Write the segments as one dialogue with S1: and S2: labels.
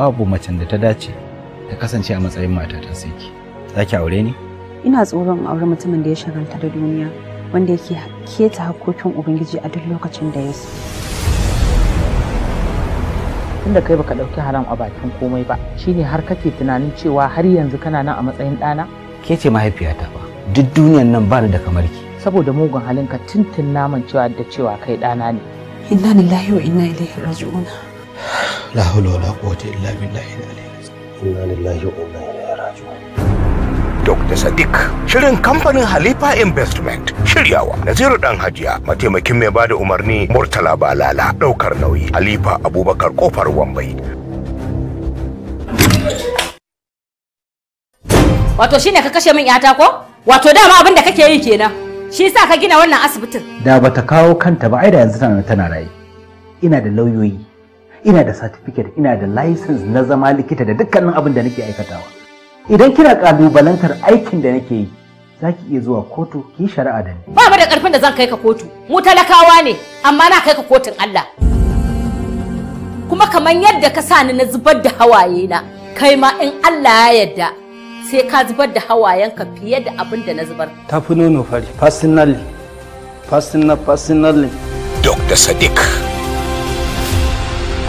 S1: babu macen da ta dace ta kasance a matsayin mata ta sai aure ni ina tsoron aure mutumin da ya shagalta da duniya wanda yake keta hakkokin ubangiji a duk lokacin da ya so tunda kai baka dauki haram a bakin komai ba shine har kake tunanin cewa har yanzu kana nan a matsayin ɗana ke ce mahaifiyata ba duk duniyan nan ba ni da kamar ki saboda mugun halinka tuntun naman cewa da cewa kai ɗana ne
S2: inna lillahi wa inna ilaihi raji'una la illa Dr. Sadiq shirin kamfanin Halifa Investment shiryawa Naziru Dan Hajiya mataimakin mai bada umarni Murtala Balala ɗaukar nauyi Halifa Abubakar Kofar Wambai
S3: Wato shi ne ka kashe min yata ko? Wato dama abin da kake yi kenan. Shi yasa ka gina wannan asibitin.
S1: Da bata kawo kanta ba ai da yanzu tana tana rayu Ina da lauyoyi. ina da certificate ina da license na zama likita da dukkanin abin da nake aikatawa idan kina kalubalantar aikin da nake yi za ki iya zuwa kotu ki shari'a da ni
S3: ba da karfin da zan kai ka kotu mu talakawa ne amma na kai ka kotun Allah kuma kamar yadda ka sa ni na zubar da hawaye na kai ma in Allah ya yarda sai ka zubar da hawayen ka fiye da abin da na zubar
S1: tafi nono fari personally personal personally Dr.
S2: Sadiq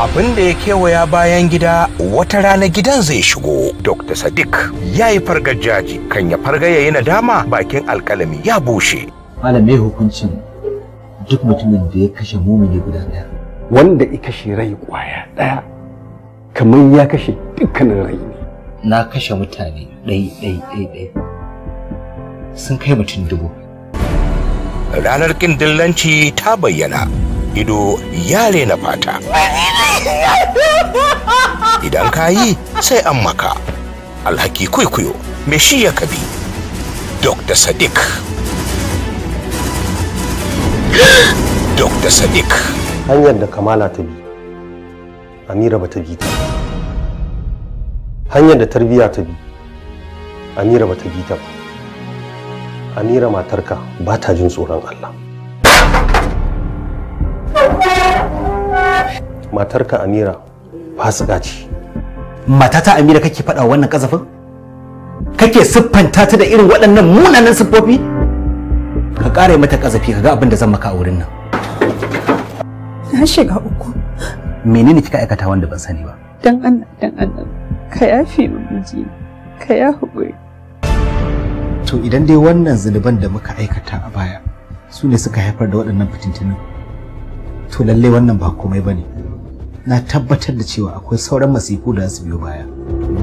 S2: abin da ya kewaya bayan gida wata rana gidan zai shigo dr sadiq ya yi fargar jaji kan ya farga ya yi nadama bakin alkalami ya bushe
S1: malam hukuncin duk mutumin da ya kashe mumini guda daya wanda ya kashe rai kwaya daya kamar ya kashe dukkanin rai ne na kashe mutane ɗai ɗai ɗai ɗai sun
S2: kai mutum dubu ranar ƙin dillanci ta bayyana ido ya na fata idan ka yi sai an maka alhaki kwaikwayo me shi ya kabi dr sadiq dr sadiq
S1: hanyar da kamala ta bi amira ba ta bi ta hanyar da tarbiyya ta bi amira ba ta bi ta ba amira matarka ba ta jin tsoron allah matarka amira fasika ce matata amira kake faɗa wannan kazafin kake siffanta ta da irin waɗannan munanan siffofi ka ƙara mata kazafi ka ga abin da zan maka a wurin nan
S3: na shiga uku
S1: menene kika aikata wanda ban sani ba
S3: dan Allah dan Allah ka yafe min miji ka ya
S1: hukuri to idan dai wannan zuluban da muka aikata a baya su ne suka haifar da waɗannan fitintunan to lalle wannan ba komai bane na tabbatar da cewa akwai sauran masifu da za su biyo baya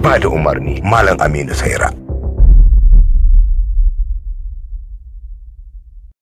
S3: ba da umarni malam aminu saira